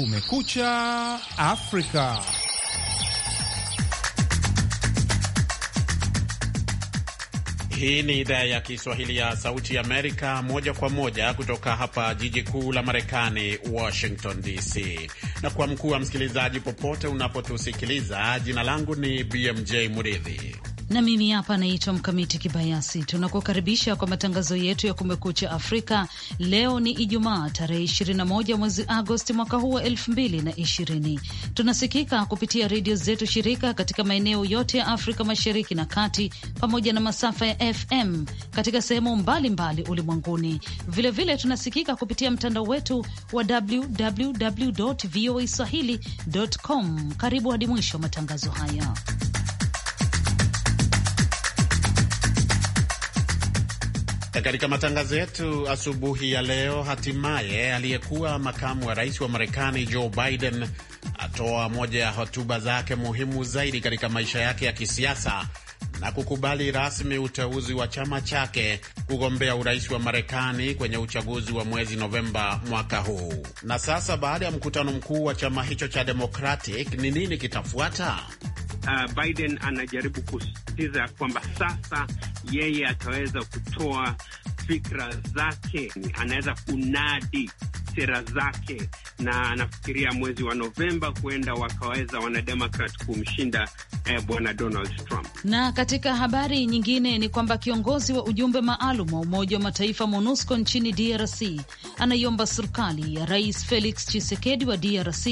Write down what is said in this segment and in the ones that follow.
Kumekucha Afrika. Hii ni idhaa ya Kiswahili ya Sauti Amerika, moja kwa moja kutoka hapa jiji kuu la Marekani, Washington DC. Na kwa mkuu wa msikilizaji, popote unapotusikiliza, jina langu ni BMJ Muridhi na mimi hapa naitwa Mkamiti Kibayasi. Tunakukaribisha kwa matangazo yetu ya Kumekucha Afrika. Leo ni Ijumaa tarehe 21 mwezi Agosti mwaka huu wa 2020. Tunasikika kupitia redio zetu shirika katika maeneo yote ya Afrika Mashariki na Kati, pamoja na masafa ya FM katika sehemu mbalimbali ulimwenguni. Vilevile tunasikika kupitia mtandao wetu wa www voa swahili.com. Karibu hadi mwisho wa matangazo haya. E, katika matangazo yetu asubuhi ya leo, hatimaye aliyekuwa makamu wa rais wa Marekani Joe Biden atoa moja ya hotuba zake muhimu zaidi katika maisha yake ya kisiasa na kukubali rasmi uteuzi wa chama chake kugombea urais wa Marekani kwenye uchaguzi wa mwezi Novemba mwaka huu. Na sasa baada ya mkutano mkuu wa chama hicho cha Democratic, ni nini kitafuata? uh, Biden anajaribu kusisitiza kwamba sasa yeye ataweza kutoa fikra zake, anaweza kunadi sera zake, na anafikiria mwezi wa Novemba kuenda wakaweza wanademokrat kumshinda eh, bwana Donald Trump. Na katika habari nyingine ni kwamba kiongozi wa ujumbe maalum wa Umoja wa Mataifa MONUSCO nchini DRC anaiomba serikali ya Rais Felix Tshisekedi wa DRC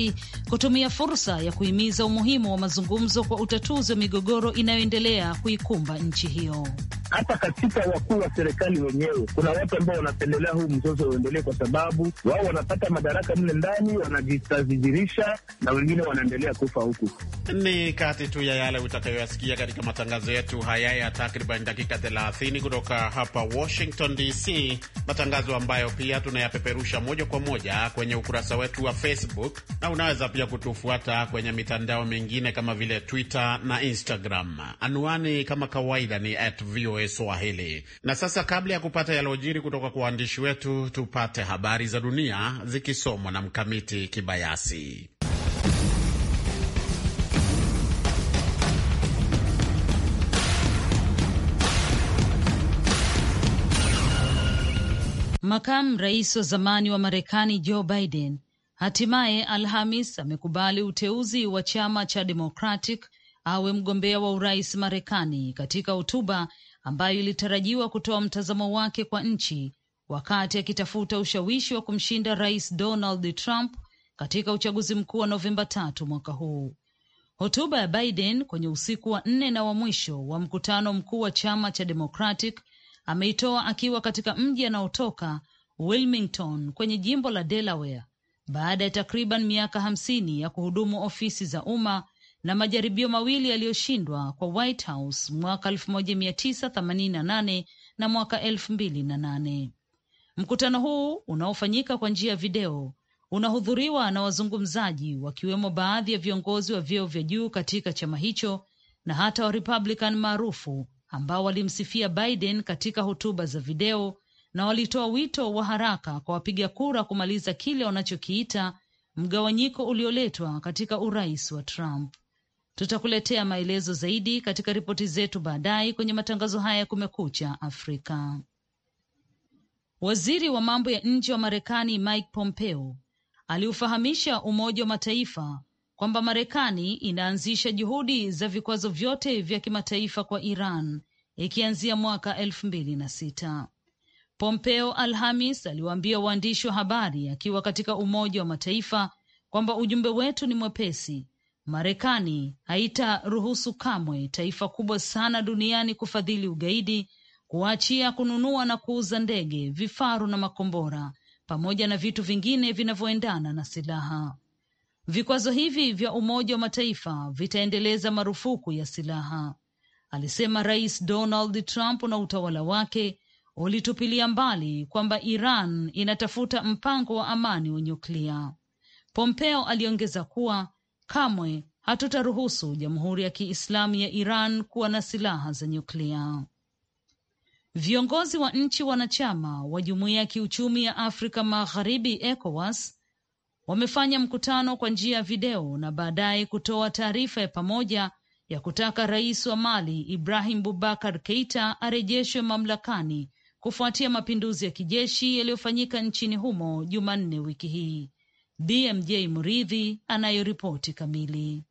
kutumia fursa ya kuhimiza umuhimu wa mazungumzo kwa utatuzi wa migogoro inayoendelea kuikumba nchi hiyo hata katika wakuu wa serikali wenyewe kuna watu ambao wanapendelea huu mzozo uendelee, kwa sababu wao wanapata madaraka mle ndani, wanajitazijirisha na wengine wanaendelea kufa huku. Ni kati tu ya yale utakayoyasikia katika matangazo yetu haya ya takriban dakika 30 kutoka hapa Washington DC, matangazo ambayo pia tunayapeperusha moja kwa moja kwenye ukurasa wetu wa Facebook, na unaweza pia kutufuata kwenye mitandao mingine kama vile Twitter na Instagram. Anwani kama kawaida ni at VOA VOA Swahili. Na sasa kabla ya kupata yaliojiri kutoka kwa waandishi wetu, tupate habari za dunia zikisomwa na Mkamiti Kibayasi. Makamu rais wa zamani wa Marekani Joe Biden hatimaye Alhamis amekubali uteuzi wa chama cha Democratic awe mgombea wa urais Marekani katika hotuba ambayo ilitarajiwa kutoa mtazamo wake kwa nchi wakati akitafuta ushawishi wa kumshinda Rais Donald Trump katika uchaguzi mkuu wa Novemba tatu mwaka huu. Hotuba ya Biden kwenye usiku wa nne na wa mwisho wa mkutano mkuu wa chama cha Democratic ameitoa akiwa katika mji anaotoka Wilmington kwenye jimbo la Delaware baada ya takriban miaka hamsini ya kuhudumu ofisi za umma na majaribio mawili yaliyoshindwa kwa White House mwaka 1988 na mwaka 2008. Mkutano huu unaofanyika kwa njia ya video unahudhuriwa na wazungumzaji wakiwemo baadhi ya viongozi wa vyeo vya juu katika chama hicho na hata wa Republican maarufu ambao walimsifia Biden katika hotuba za video na walitoa wito wa haraka kwa wapiga kura kumaliza kile wanachokiita mgawanyiko ulioletwa katika urais wa Trump. Tutakuletea maelezo zaidi katika ripoti zetu baadaye kwenye matangazo haya ya Kumekucha Afrika. Waziri wa mambo ya nje wa Marekani Mike Pompeo aliufahamisha Umoja wa Mataifa kwamba Marekani inaanzisha juhudi za vikwazo vyote vya kimataifa kwa Iran ikianzia mwaka elfu mbili na sita. Pompeo Alhamis aliwaambia waandishi wa habari akiwa katika Umoja wa Mataifa kwamba ujumbe wetu ni mwepesi Marekani haitaruhusu kamwe taifa kubwa sana duniani kufadhili ugaidi kuachia kununua na kuuza ndege, vifaru na makombora pamoja na vitu vingine vinavyoendana na silaha. Vikwazo hivi vya Umoja wa Mataifa vitaendeleza marufuku ya silaha, alisema Rais Donald Trump, na utawala wake ulitupilia mbali kwamba Iran inatafuta mpango wa amani wa nyuklia. Pompeo aliongeza kuwa Kamwe hatutaruhusu Jamhuri ya Kiislamu ya Iran kuwa na silaha za nyuklia. Viongozi wa nchi wanachama wa Jumuiya ya Kiuchumi ya Afrika Magharibi, ECOWAS, wamefanya mkutano kwa njia ya video na baadaye kutoa taarifa ya pamoja ya kutaka rais wa Mali Ibrahim Bubakar Keita arejeshwe mamlakani kufuatia mapinduzi ya kijeshi yaliyofanyika nchini humo Jumanne wiki hii. BMJ Mridhi anayoripoti kamili.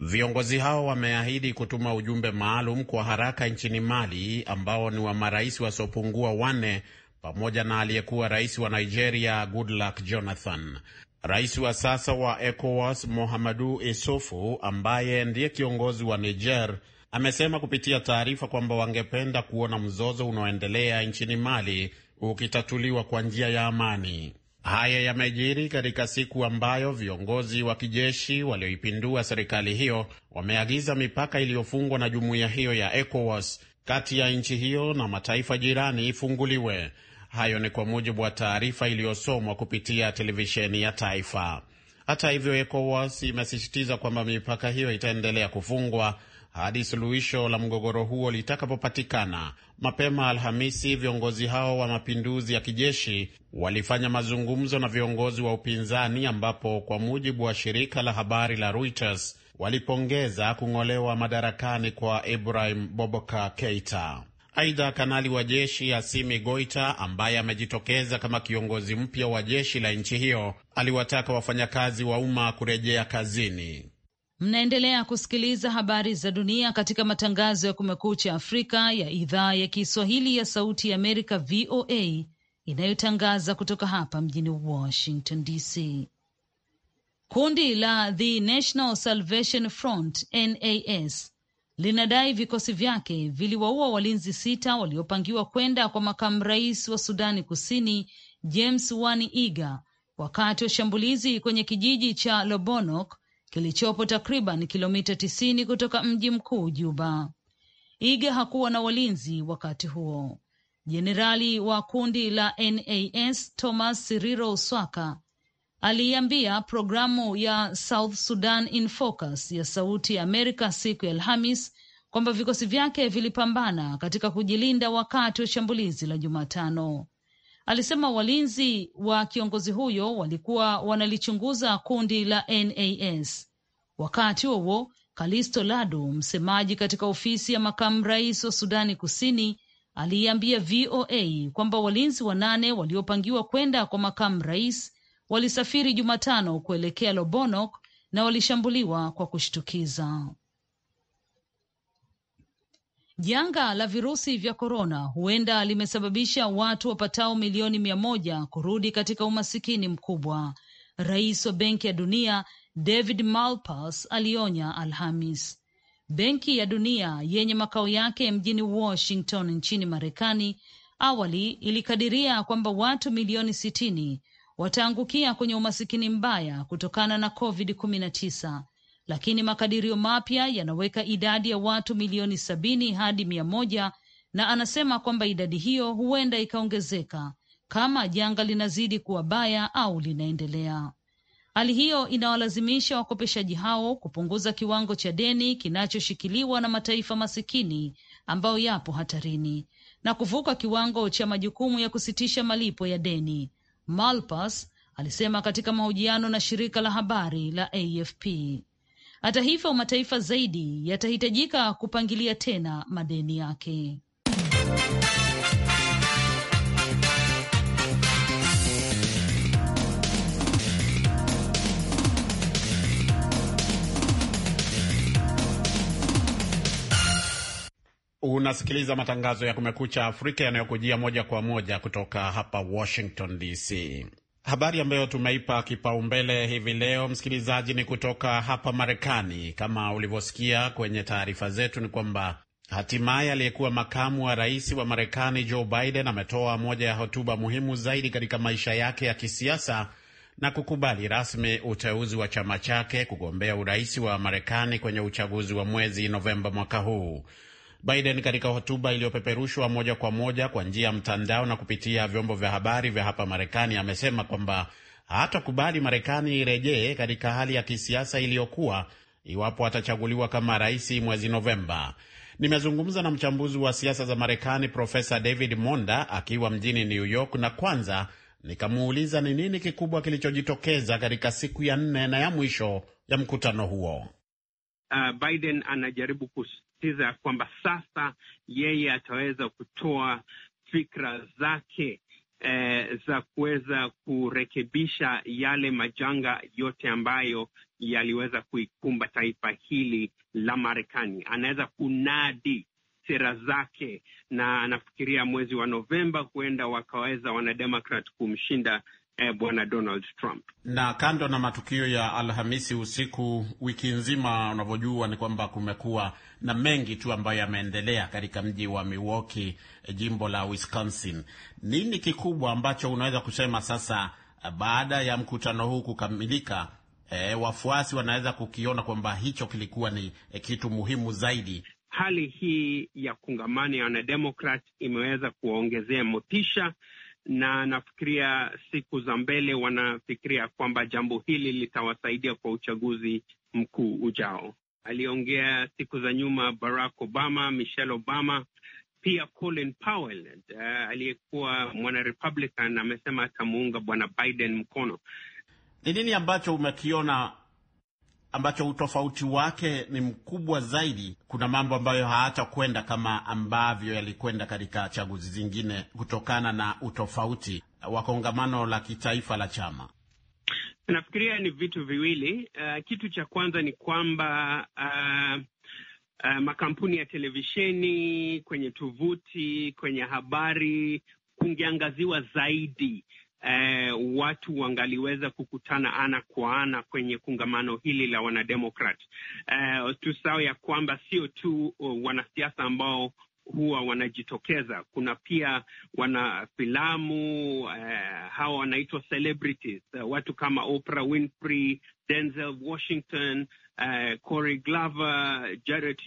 Viongozi hao wameahidi kutuma ujumbe maalum kwa haraka nchini Mali ambao ni wa marais wasiopungua wanne pamoja na aliyekuwa rais wa Nigeria Goodluck Jonathan. Rais wa sasa wa ECOWAS Mohamadu isufu ambaye ndiye kiongozi wa Niger amesema kupitia taarifa kwamba wangependa kuona mzozo unaoendelea nchini Mali ukitatuliwa kwa njia ya amani. Haya yamejiri katika siku ambayo viongozi wa kijeshi walioipindua serikali hiyo wameagiza mipaka iliyofungwa na jumuiya hiyo ya ECOWAS kati ya nchi hiyo na mataifa jirani ifunguliwe. Hayo ni kwa mujibu wa taarifa iliyosomwa kupitia televisheni ya taifa. Hata hivyo, ECOWAS imesisitiza kwamba mipaka hiyo itaendelea kufungwa hadi suluhisho la mgogoro huo litakapopatikana, Mapema Alhamisi, viongozi hao wa mapinduzi ya kijeshi walifanya mazungumzo na viongozi wa upinzani, ambapo kwa mujibu wa shirika la habari la Reuters walipongeza kung'olewa madarakani kwa Ibrahim Boboka Keita. Aidha, kanali wa jeshi Asimi Goita ambaye amejitokeza kama kiongozi mpya wa jeshi la nchi hiyo aliwataka wafanyakazi wa umma kurejea kazini. Mnaendelea kusikiliza habari za dunia katika matangazo ya Kumekucha Afrika ya idhaa ya Kiswahili ya Sauti ya Amerika, VOA, inayotangaza kutoka hapa mjini Washington DC. Kundi la The National Salvation Front, NAS, linadai vikosi vyake viliwaua walinzi sita waliopangiwa kwenda kwa makamu rais wa Sudani Kusini James Wani Iga wakati wa shambulizi kwenye kijiji cha Lobonok kilichopo takriban kilomita tisini kutoka mji mkuu Juba. Iga hakuwa na walinzi wakati huo. Jenerali wa kundi la NAS Thomas Siriro Swaka aliiambia programu ya South Sudan in Focus ya Sauti ya Amerika siku ya Alhamis kwamba vikosi vyake vilipambana katika kujilinda wakati wa shambulizi la Jumatano. Alisema walinzi wa kiongozi huyo walikuwa wanalichunguza kundi la NAS. Wakati huo Kalisto Lado, msemaji katika ofisi ya makamu rais wa Sudani Kusini, aliiambia VOA kwamba walinzi wanane waliopangiwa kwenda kwa makamu rais walisafiri Jumatano kuelekea Lobonok na walishambuliwa kwa kushtukiza. Janga la virusi vya korona huenda limesababisha watu wapatao milioni mia moja kurudi katika umasikini mkubwa, rais wa Benki ya Dunia David Malpass alionya Alhamis. Benki ya Dunia yenye makao yake mjini Washington nchini Marekani awali ilikadiria kwamba watu milioni sitini wataangukia kwenye umasikini mbaya kutokana na COVID-19 lakini makadirio mapya yanaweka idadi ya watu milioni sabini hadi mia moja na anasema kwamba idadi hiyo huenda ikaongezeka kama janga linazidi kuwa baya au linaendelea. Hali hiyo inawalazimisha wakopeshaji hao kupunguza kiwango cha deni kinachoshikiliwa na mataifa masikini ambayo yapo hatarini na kuvuka kiwango cha majukumu ya kusitisha malipo ya deni, Malpass alisema katika mahojiano na shirika la habari la AFP. Hata hivyo, mataifa zaidi yatahitajika kupangilia tena madeni yake. Unasikiliza matangazo ya Kumekucha Afrika yanayokujia moja kwa moja kutoka hapa Washington DC. Habari ambayo tumeipa kipaumbele hivi leo, msikilizaji, ni kutoka hapa Marekani. Kama ulivyosikia kwenye taarifa zetu, ni kwamba hatimaye aliyekuwa makamu wa rais wa Marekani Joe Biden ametoa moja ya hotuba muhimu zaidi katika maisha yake ya kisiasa na kukubali rasmi uteuzi wa chama chake kugombea urais wa Marekani kwenye uchaguzi wa mwezi Novemba mwaka huu. Biden katika hotuba iliyopeperushwa moja kwa moja kwa njia ya mtandao na kupitia vyombo vya habari vya hapa Marekani amesema kwamba hatakubali Marekani irejee katika hali ya kisiasa iliyokuwa iwapo atachaguliwa kama rais mwezi Novemba. Nimezungumza na mchambuzi wa siasa za Marekani Profesa David Monda akiwa mjini New York, na kwanza nikamuuliza ni nini kikubwa kilichojitokeza katika siku ya nne na ya mwisho ya mkutano huo. Uh, Biden anajaribu kusisitiza ya kwamba sasa yeye ataweza kutoa fikra zake eh, za kuweza kurekebisha yale majanga yote ambayo yaliweza kuikumba taifa hili la Marekani. Anaweza kunadi sera zake, na anafikiria mwezi wa Novemba huenda wakaweza wanademokrat kumshinda eh, bwana Donald Trump. Na kando na matukio ya Alhamisi usiku, wiki nzima unavyojua ni kwamba kumekuwa na mengi tu ambayo yameendelea katika mji wa Milwaukee, eh, jimbo la Wisconsin. Nini kikubwa ambacho unaweza kusema sasa eh, baada ya mkutano huu kukamilika? E, wafuasi wanaweza kukiona kwamba hicho kilikuwa ni e, kitu muhimu zaidi. Hali hii ya kungamani ya wanademokrat imeweza kuwaongezea motisha na nafikiria siku za mbele wanafikiria kwamba jambo hili litawasaidia kwa uchaguzi mkuu ujao. Aliongea siku za nyuma Barack Obama, Michelle Obama, pia Colin Powell uh, aliyekuwa mwana Republican amesema atamuunga bwana Biden mkono. Ni nini ambacho umekiona ambacho utofauti wake ni mkubwa zaidi. Kuna mambo ambayo hayatakwenda kama ambavyo yalikwenda katika chaguzi zingine kutokana na utofauti wa kongamano la kitaifa la chama. Nafikiria ni vitu viwili. Uh, kitu cha kwanza ni kwamba uh, uh, makampuni ya televisheni, kwenye tovuti, kwenye habari kungeangaziwa zaidi eh, watu wangaliweza kukutana ana kwa ana kwenye kongamano hili la wanademokrat eh, tusao ya kwamba sio tu uh, wanasiasa ambao huwa wanajitokeza. Kuna pia wanafilamu eh, hawa wanaitwa celebrities eh, watu kama Oprah Winfrey, Denzel Washington, eh, Corey Glover, Jared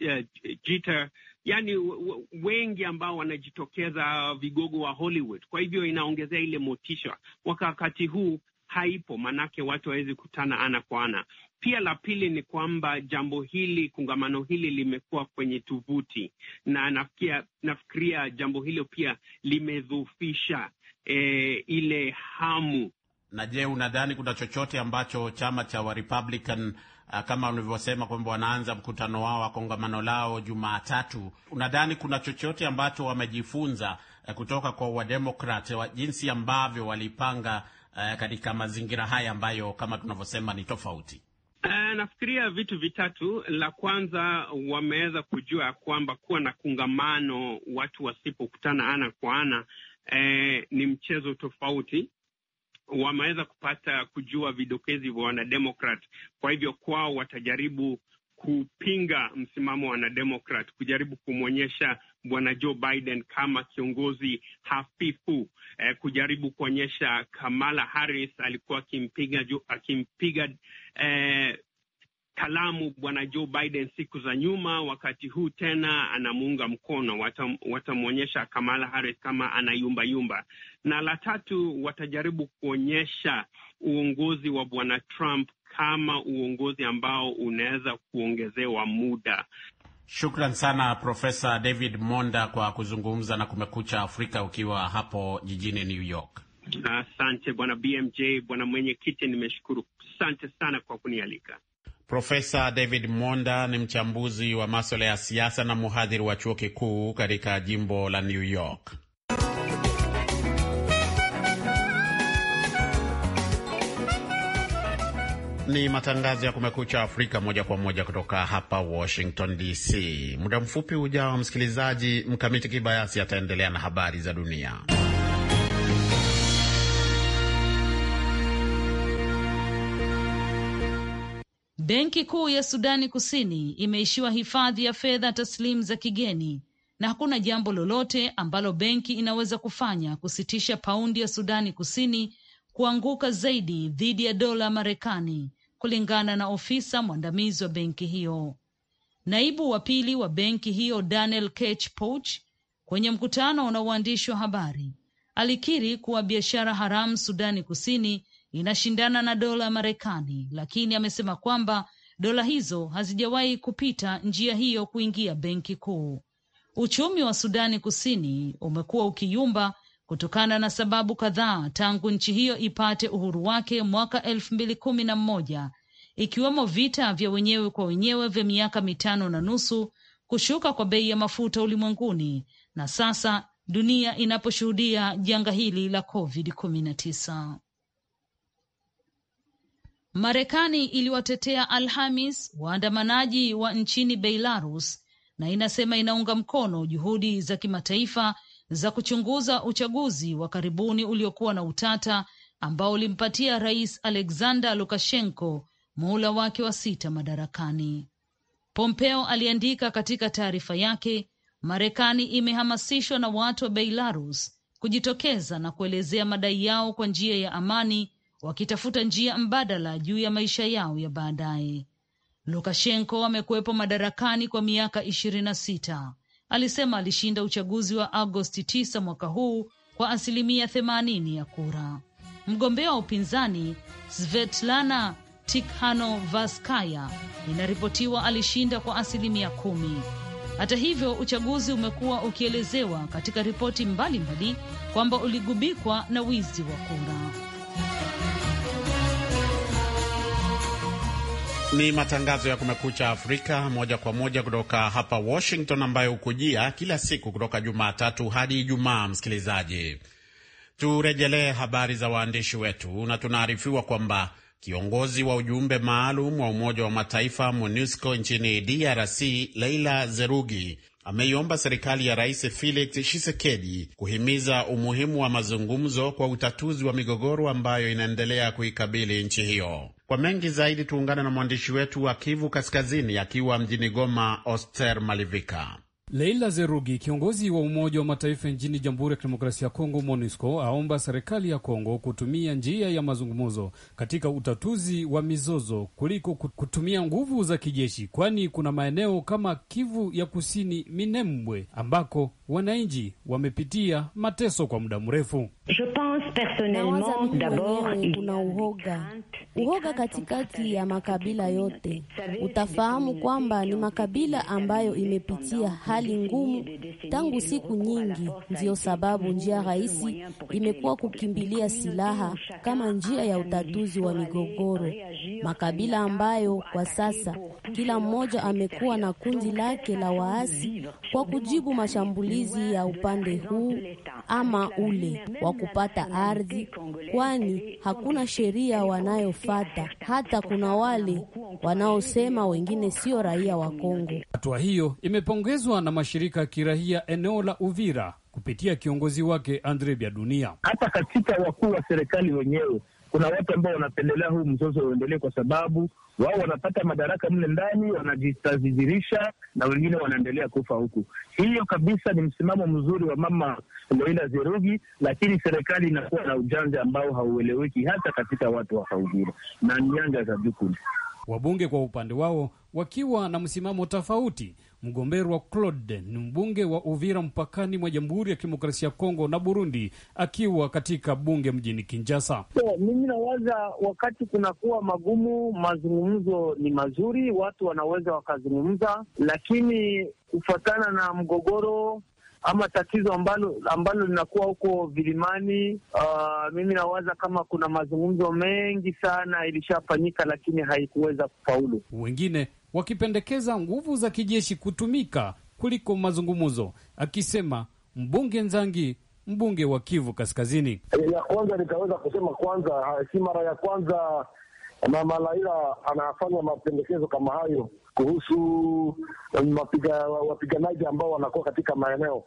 eh, Jeter yani wengi ambao wanajitokeza vigogo wa Hollywood. Kwa hivyo inaongezea ile motisha, wakati huu haipo, manake watu hawezi kutana ana kwa ana. Pia la pili ni kwamba jambo hili, kongamano hili limekuwa kwenye tuvuti na nafikia, nafikiria jambo hilo pia limedhufisha e, eh, ile hamu. Na je, unadhani kuna chochote ambacho chama cha Warepublican Ah, kama ulivyosema kwamba wanaanza mkutano wao wa kongamano lao Jumatatu. Unadhani kuna chochote ambacho wamejifunza eh, kutoka kwa Wademokrat wa jinsi ambavyo walipanga uh, katika mazingira haya ambayo kama tunavyosema ni tofauti? Uh, nafikiria vitu vitatu. La kwanza, wameweza kujua ya kwamba kuwa na kongamano watu wasipokutana ana kwa ana eh, ni mchezo tofauti wameweza kupata kujua vidokezi vya wanademokrat. Kwa hivyo kwao watajaribu kupinga msimamo wa wanademokrat, kujaribu kumwonyesha bwana Joe Biden kama kiongozi hafifu eh, kujaribu kuonyesha Kamala Harris alikuwa akimpiga akimpiga eh, kalamu Bwana Joe Biden siku za nyuma. Wakati huu tena anamuunga mkono, watamwonyesha wata Kamala Harris kama anayumbayumba. Na la tatu, watajaribu kuonyesha uongozi wa Bwana Trump kama uongozi ambao unaweza kuongezewa muda. Shukran sana Profesa David Monda kwa kuzungumza na Kumekucha Afrika ukiwa hapo jijini New York. Asante bwana BMJ, bwana mwenyekiti, nimeshukuru. Asante sana kwa kunialika. Profesa David Monda ni mchambuzi wa maswala ya siasa na mhadhiri wa chuo kikuu katika jimbo la New York. Ni matangazo ya Kumekucha Afrika moja kwa moja kutoka hapa Washington DC. Muda mfupi ujao, msikilizaji, Mkamiti Kibayasi ataendelea na habari za dunia. Benki Kuu ya Sudani Kusini imeishiwa hifadhi ya fedha taslimu za kigeni na hakuna jambo lolote ambalo benki inaweza kufanya kusitisha paundi ya Sudani Kusini kuanguka zaidi dhidi ya dola Marekani, kulingana na ofisa mwandamizi wa benki hiyo. Naibu wa pili wa benki hiyo Daniel Kech Pouch, kwenye mkutano na waandishi wa habari, alikiri kuwa biashara haramu Sudani Kusini inashindana na dola ya Marekani, lakini amesema kwamba dola hizo hazijawahi kupita njia hiyo kuingia benki kuu. Uchumi wa Sudani Kusini umekuwa ukiyumba kutokana na sababu kadhaa tangu nchi hiyo ipate uhuru wake mwaka elfu mbili kumi na mmoja ikiwemo vita vya wenyewe kwa wenyewe vya miaka mitano na nusu, kushuka kwa bei ya mafuta ulimwenguni, na sasa dunia inaposhuhudia janga hili la COVID-19. Marekani iliwatetea Alhamis waandamanaji wa nchini Belarus na inasema inaunga mkono juhudi za kimataifa za kuchunguza uchaguzi wa karibuni uliokuwa na utata ambao ulimpatia Rais Alexander Lukashenko muhula wake wa sita madarakani. Pompeo aliandika katika taarifa yake, Marekani imehamasishwa na watu wa Belarus kujitokeza na kuelezea madai yao kwa njia ya amani wakitafuta njia mbadala juu ya maisha yao ya baadaye. Lukashenko amekuwepo madarakani kwa miaka ishirini na sita. Alisema alishinda uchaguzi wa Agosti 9 mwaka huu kwa asilimia 80 ya kura. Mgombea wa upinzani Svetlana Tikhanovskaya inaripotiwa alishinda kwa asilimia kumi. Hata hivyo, uchaguzi umekuwa ukielezewa katika ripoti mbalimbali kwamba uligubikwa na wizi wa kura. Ni matangazo ya Kumekucha Afrika moja kwa moja kutoka hapa Washington, ambayo hukujia kila siku kutoka Jumatatu hadi Ijumaa. Msikilizaji, turejelee habari za waandishi wetu, na tunaarifiwa kwamba kiongozi wa ujumbe maalum wa Umoja wa Mataifa MONUSCO nchini DRC Leila Zerugi ameiomba serikali ya Rais Felix Tshisekedi kuhimiza umuhimu wa mazungumzo kwa utatuzi wa migogoro ambayo inaendelea kuikabili nchi hiyo. Kwa mengi zaidi tuungane na mwandishi wetu wa Kivu Kaskazini akiwa mjini Goma, Oster Malivika. Leila Zerugi, kiongozi wa Umoja wa Mataifa nchini Jamhuri ya Kidemokrasia ya Kongo, MONUSCO, aomba serikali ya Kongo kutumia njia ya mazungumzo katika utatuzi wa mizozo kuliko kutumia nguvu za kijeshi, kwani kuna maeneo kama Kivu ya Kusini, Minembwe, ambako wananchi wamepitia mateso kwa muda mrefu. Nawaza mimi mwenyewe kuna uhoga, uhoga katikati ya makabila yote. Utafahamu kwamba ni makabila ambayo imepitia hali ngumu tangu siku nyingi. Ndiyo sababu njia rahisi imekuwa kukimbilia silaha kama njia ya utatuzi wa migogoro, makabila ambayo kwa sasa kila mmoja amekuwa na kundi lake la waasi kwa kujibu mashambulizi matumizi ya upande huu ama ule wa kupata ardhi, kwani hakuna sheria wanayofata. Hata kuna wale wanaosema wengine sio raia wa Kongo. Hatua hiyo imepongezwa na mashirika ya kirahia eneo la Uvira kupitia kiongozi wake Andre Bya Dunia, hata katika wakuu wa serikali wenyewe kuna watu ambao wanapendelea huu mzozo uendelee, kwa sababu wao wanapata madaraka mle ndani, wanajitazizirisha na wengine wanaendelea kufa huku. Hiyo kabisa ni msimamo mzuri wa mama loila Zerugi, lakini serikali inakuwa na ujanja ambao haueleweki hata katika watu wa Kaugira na nyanja za jukuli. Wabunge kwa upande wao wakiwa na msimamo tofauti Mgomberwa Claude ni mbunge wa Uvira mpakani mwa Jamhuri ya Kidemokrasia ya Kongo na Burundi, akiwa katika bunge mjini Kinjasa. So, mimi nawaza wakati kunakuwa magumu, mazungumzo ni mazuri, watu wanaweza wakazungumza, lakini kufuatana na mgogoro ama tatizo ambalo ambalo linakuwa huko vilimani. Uh, mimi nawaza kama kuna mazungumzo mengi sana ilishafanyika, lakini haikuweza kufaulu. Wengine wakipendekeza nguvu za kijeshi kutumika kuliko mazungumzo, akisema mbunge Nzangi, mbunge wa Kivu Kaskazini. Ya kwanza nitaweza kusema kwanza, si mara ya kwanza Mama Laila anafanya mapendekezo kama hayo kuhusu mapiga, wapiganaji ambao wanakuwa katika maeneo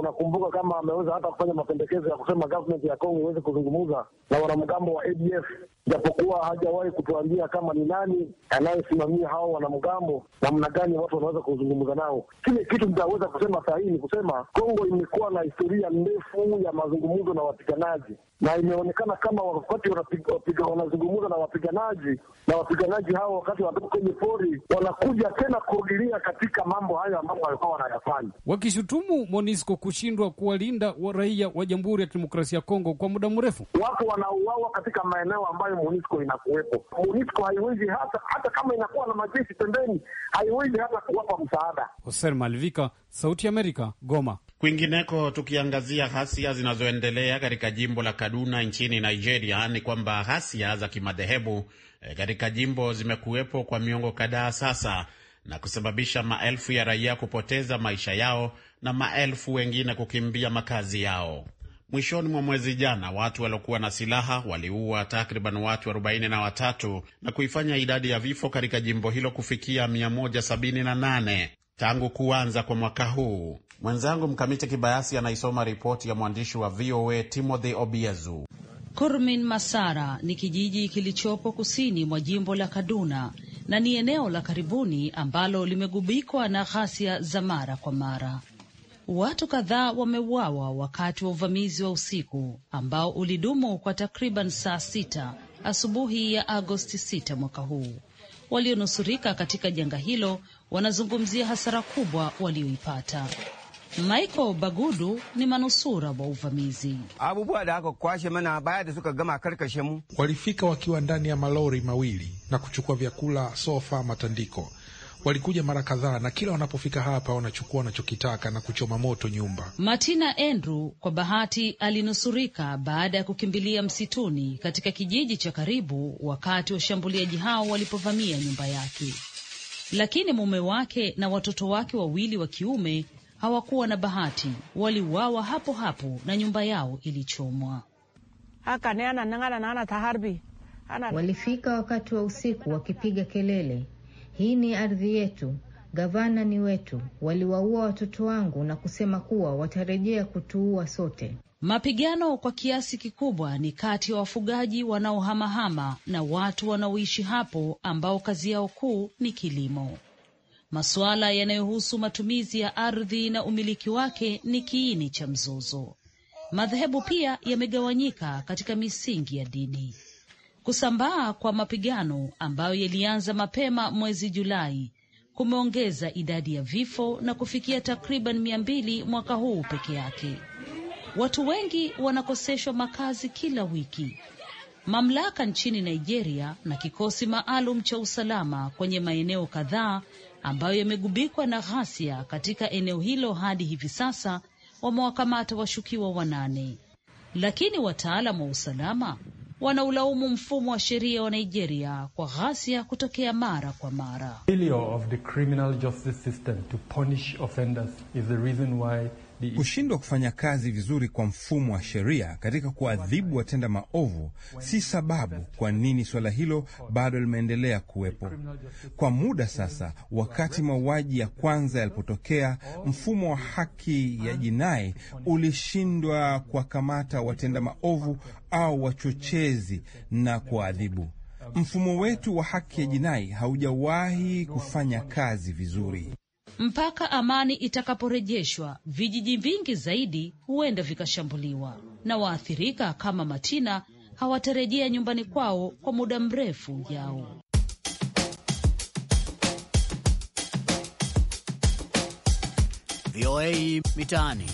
unakumbuka kama ameweza hata kufanya mapendekezo ya kusema government ya Kongo iweze kuzungumza na wanamgambo wa ADF japokuwa hajawahi kutuambia kama ni nani anayesimamia hao wanamgambo, namna gani watu wanaweza kuzungumza nao. Kile kitu nitaweza kusema saa hii ni kusema Kongo imekuwa na historia ndefu ya mazungumzo na wapiganaji, na imeonekana kama wakati wanazungumza na wapiganaji na wapiganaji hao, wakati wanatoka kwenye pori, wanakuja tena kurudilia katika mambo hayo ambayo walikuwa wanayafanya, wakishutumu MONUSCO kushindwa kuwalinda raia wa Jamhuri ya Kidemokrasia ya Kongo kwa muda mrefu. Wako wanauawa katika maeneo ambayo ambayo MONUSCO inakuwepo. MONUSCO haiwezi hata hata kama inakuwa na majeshi pembeni, haiwezi hata kuwapa msaada. Hussein Malvika, Sauti ya Amerika, Goma. Kwingineko, tukiangazia ghasia zinazoendelea katika jimbo la Kaduna nchini Nigeria, ni kwamba ghasia za kimadhehebu eh, katika jimbo zimekuwepo kwa miongo kadhaa sasa na kusababisha maelfu ya raia kupoteza maisha yao na maelfu wengine kukimbia makazi yao. Mwishoni mwa mwezi jana, watu waliokuwa na silaha waliua takriban watu 43 na kuifanya idadi ya vifo katika jimbo hilo kufikia 178 tangu kuanza kwa mwaka huu. Mwenzangu Mkamiti Kibayasi anaisoma ripoti ya mwandishi wa VOA Timothy Obiezu. Kurmin Masara ni kijiji kilichopo kusini mwa jimbo la Kaduna na ni eneo la karibuni ambalo limegubikwa na ghasia za mara kwa mara. Watu kadhaa wameuawa wakati wa uvamizi wa usiku ambao ulidumu kwa takriban saa sita asubuhi ya Agosti 6 mwaka huu. Walionusurika katika janga hilo wanazungumzia hasara kubwa walioipata. Michael Bagudu ni manusura wa uvamizi. kwashe baada walifika wakiwa ndani ya malori mawili na kuchukua vyakula, sofa, matandiko walikuja mara kadhaa, na kila wanapofika hapa wanachukua wanachokitaka na kuchoma moto nyumba. Martina Andrew kwa bahati alinusurika baada ya kukimbilia msituni katika kijiji cha karibu wakati washambuliaji hao walipovamia nyumba yake, lakini mume wake na watoto wake wawili wa kiume hawakuwa na bahati, waliuawa hapo hapo na nyumba yao ilichomwa. Walifika wakati wa usiku wakipiga kelele hii ni ardhi yetu, gavana ni wetu, waliwaua watoto wangu na kusema kuwa watarejea kutuua sote. Mapigano kwa kiasi kikubwa ni kati ya wa wafugaji wanaohamahama na watu wanaoishi hapo ambao kazi yao kuu ni kilimo. Masuala yanayohusu matumizi ya ardhi na umiliki wake ni kiini cha mzozo. Madhehebu pia yamegawanyika katika misingi ya dini. Kusambaa kwa mapigano ambayo yalianza mapema mwezi Julai kumeongeza idadi ya vifo na kufikia takriban mia mbili mwaka huu peke yake. Watu wengi wanakoseshwa makazi kila wiki. Mamlaka nchini Nigeria na kikosi maalum cha usalama kwenye maeneo kadhaa ambayo yamegubikwa na ghasia katika eneo hilo hadi hivi sasa wamewakamata washukiwa wanane, lakini wataalam wa usalama wanaulaumu mfumo wa sheria wa Nigeria kwa ghasia kutokea mara kwa mara. Kushindwa kufanya kazi vizuri kwa mfumo wa sheria katika kuadhibu watenda maovu si sababu kwa nini suala hilo bado limeendelea kuwepo kwa muda sasa. Wakati mauaji ya kwanza yalipotokea, mfumo wa haki ya jinai ulishindwa kuwakamata watenda maovu au wachochezi na kuadhibu. Mfumo wetu wa haki ya jinai haujawahi kufanya kazi vizuri. Mpaka amani itakaporejeshwa, vijiji vingi zaidi huenda vikashambuliwa, na waathirika kama Matina hawatarejea nyumbani kwao kwa muda mrefu ujao. VOA Mitaani.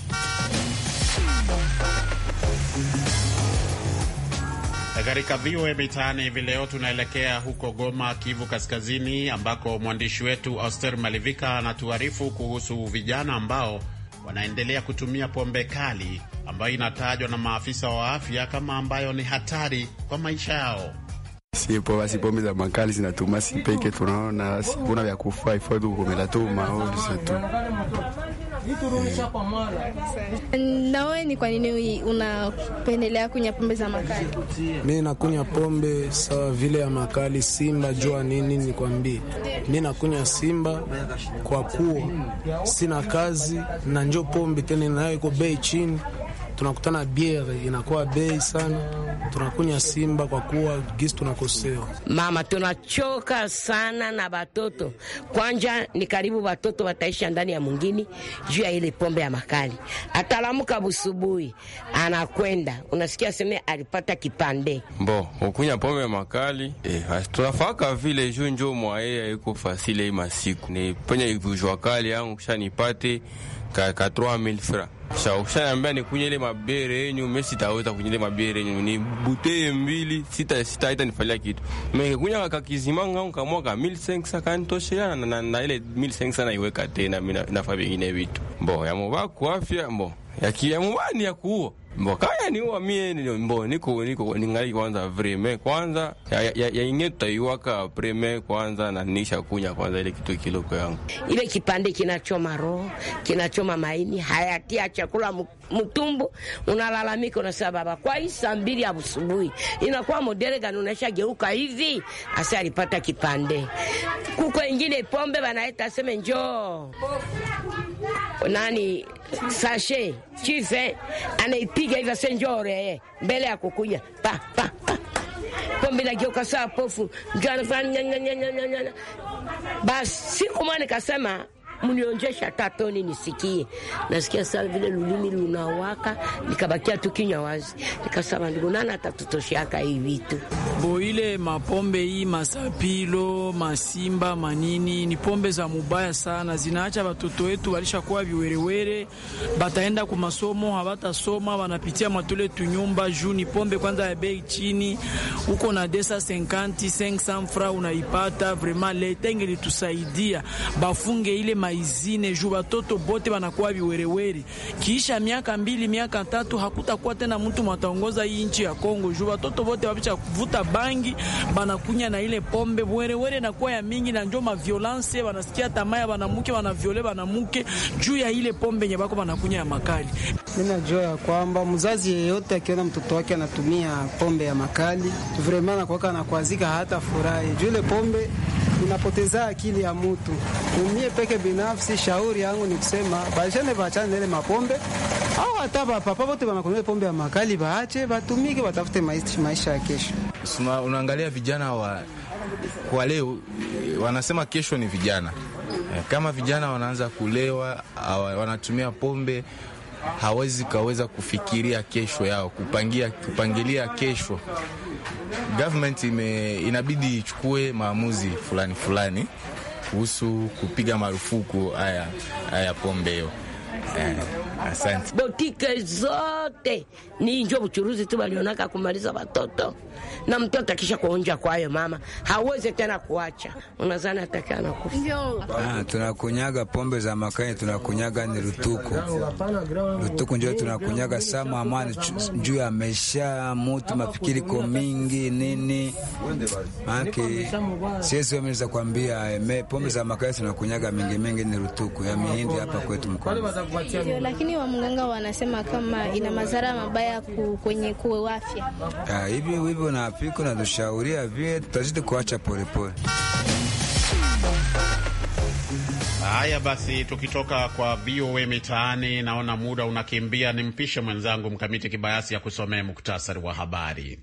Katika VOA Mitaani hivi leo tunaelekea huko Goma, Kivu Kaskazini, ambako mwandishi wetu Auster Malivika anatuarifu kuhusu vijana ambao wanaendelea kutumia pombe kali ambayo inatajwa na maafisa wa afya kama ambayo ni hatari kwa maisha yao. Sipo basi pombe za makali zinatuma sipeke, tunaona sikuna vya kufaa, ifo tu kumela zetu viturudisha kwa Mola. Nawe ni kwa nini unapendelea kunywa pombe za makali? mi nakunywa pombe sawa vile ya makali Simba, jua nini nikwambie. mi nakunywa Simba kwa kuwa sina kazi na njo pombe tena nayo iko bei chini tunakutana biere inakuwa bei sana, tunakunya Simba kwa kuwa gisi tunakosewa. Mama, tunachoka sana na batoto kwanja, ni karibu batoto wataisha ndani ya mungini juu ya ile pombe ya makali. Atalamuka busubui anakwenda, unasikia seme alipata kipande mbo ukunya pombe ya makali eh, tunafaka vile juu njo mwaye iko fasile masiku ni penya ivujwa kali yangu kisha nipate ka 3000 francs shakusha nambia nikunya ile mabere yenyu me sitaweza kunya ile mabere yenyu ni buteye mbili sita sita ita nifalia kitu mekunya kakizimanga kamwa ka 1500 kanitoshea na, na, na ile 1500 naiweka tena mimi nafaa vingine vitu mbo ya kuafya afya mbo ya ya kuua mbokaya uwa mie ni mbo niko niko ningali kwanza vreme kwanza ya, ya, ya tutaiwaka vreme kwanza na nisha kunya kwanza ile kitu kiloko yangu ile kipande kinachoma roho kinachoma maini hayatia chakula mtumbo unalalamika unasema baba kwa hii saa mbili asubuhi inakuwa modere gani unaisha geuka hivi asa alipata kipande kuko ingine pombe banaeta aseme njoo nani sashe chize anaipiga hivyo senjore eh, mbele ya kukuja pa pa pa pombe nageuka saa pofu, ndio anafanya nyanya nyanya nyanya. basi siku mwana nikasema mnionjesha tatoni nisikie. Nasikia sana vile lulimi lunawaka, nikabakia tu kinywa wazi, nikasema ndugu, nani atatutosheaka hii vitu bo. Ile mapombe hii masapilo, masimba, manini ni pombe za mubaya sana, zinaacha watoto wetu walishakuwa viwerewere, bataenda ku masomo hawatasoma, wanapitia matule tunyumba juu ni pombe kwanza ya bei chini huko na desa 50 500 francs unaipata. Vraiment leta ingelitusaidia bafunge ile ma izine juu watoto bote wanakuwa viwerewere. Kiisha miaka mbili miaka tatu hakutakuwa tena mtu mwataongoza hii nchi ya Kongo juu watoto bote wapicha kuvuta bangi banakunya na ile pombe werewere na kuwa ya mingi na njoma violence wanasikia tamaya wanamuke wanaviole wanamuke juu ya ile pombe nye bako banakunya ya makali. Mimi najua ya kwamba mzazi yeyote akiona mtoto wake anatumia pombe ya makali, vraiment anakuwa anakwazika hata furahi juu ile pombe unapoteza akili ya mutu. Umie peke binafsi, shauri yangu ni kusema bashane bachane ile mapombe au hata bapapa bote wanakunywa pombe ya makali, baache batumike, watafute maisha ya kesho. Suma, unaangalia vijana wa kwa leo eh, wanasema kesho ni vijana. Eh, kama vijana wanaanza kulewa, wanatumia pombe hawezi kaweza kufikiria kesho yao, kupangia, kupangilia kesho. Government ime, inabidi ichukue maamuzi fulani fulani kuhusu kupiga marufuku haya haya pombe hiyo. Eh, asante. Botike zote ni njo buchuruzi tu walionaka kumaliza watoto na mtoto akisha kuonja kwayo, mama hawezi tena kuacha, unazana ataka kufa. Ah, tunakunyaga pombe za makani, tunakunyaga ni rutuku, rutuku njo tunakunyaga sama amani juu ya mesha mutu mafikiriko mingi nini, manake siwezi wameweza kuambia eh, me pombe za makani tunakunyaga mingi mingi ni rutuku ya mihindi hapa kwetu mkoa Ndiyo, lakini wa wanasema kama ina madhara mabaya kwenye kuwe afya ah, na tutazidi kuacha polepole. Haya basi, tukitoka kwa VOA Mitaani, naona muda unakimbia, nimpishe mwenzangu Mkamiti Kibayasi ya kusomea muktasari wa habari.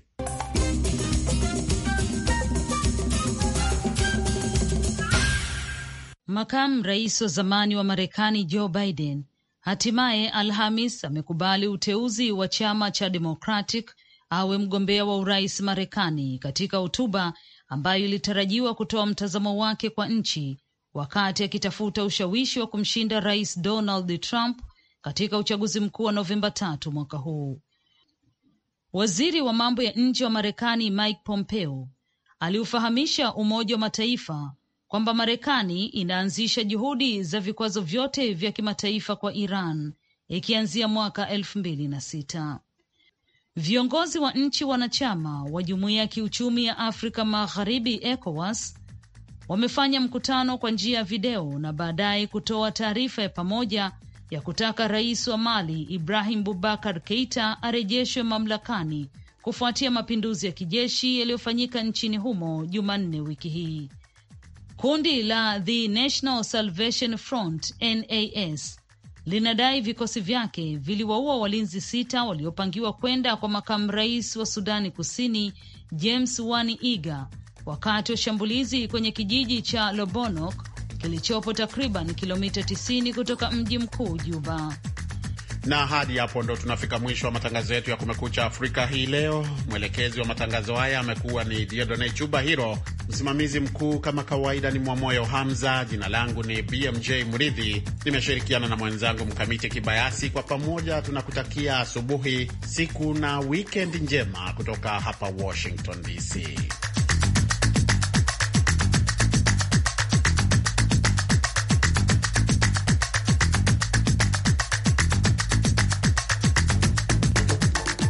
Makamu rais wa zamani wa Marekani Joe Biden hatimaye Alhamis amekubali uteuzi wa chama cha Democratic awe mgombea wa urais Marekani, katika hotuba ambayo ilitarajiwa kutoa mtazamo wake kwa nchi wakati akitafuta ushawishi wa kumshinda Rais Donald Trump katika uchaguzi mkuu wa Novemba tatu mwaka huu. Waziri wa mambo ya nje wa Marekani Mike Pompeo aliufahamisha Umoja wa Mataifa kwamba Marekani inaanzisha juhudi za vikwazo vyote vya kimataifa kwa Iran ikianzia mwaka elfu mbili na sita. Viongozi wa nchi wanachama wa Jumuiya ya Kiuchumi ya Afrika Magharibi, ECOWAS, wamefanya mkutano kwa njia ya video na baadaye kutoa taarifa ya pamoja ya kutaka rais wa Mali Ibrahim Bubakar Keita arejeshwe mamlakani kufuatia mapinduzi ya kijeshi yaliyofanyika nchini humo Jumanne wiki hii. Kundi la The National Salvation Front NAS linadai vikosi vyake viliwaua walinzi sita waliopangiwa kwenda kwa makamu rais wa Sudani Kusini James Wani Iga wakati wa shambulizi kwenye kijiji cha Lobonok kilichopo takriban kilomita 90 kutoka mji mkuu Juba. Na hadi hapo ndo tunafika mwisho wa matangazo yetu ya Kumekucha Afrika hii leo. Mwelekezi wa matangazo haya amekuwa ni Diodone Chuba Hiro, msimamizi mkuu kama kawaida ni Mwamoyo Hamza. Jina langu ni BMJ Mridhi, nimeshirikiana na mwenzangu Mkamiti Kibayasi. Kwa pamoja tunakutakia asubuhi, siku na wikendi njema kutoka hapa Washington DC.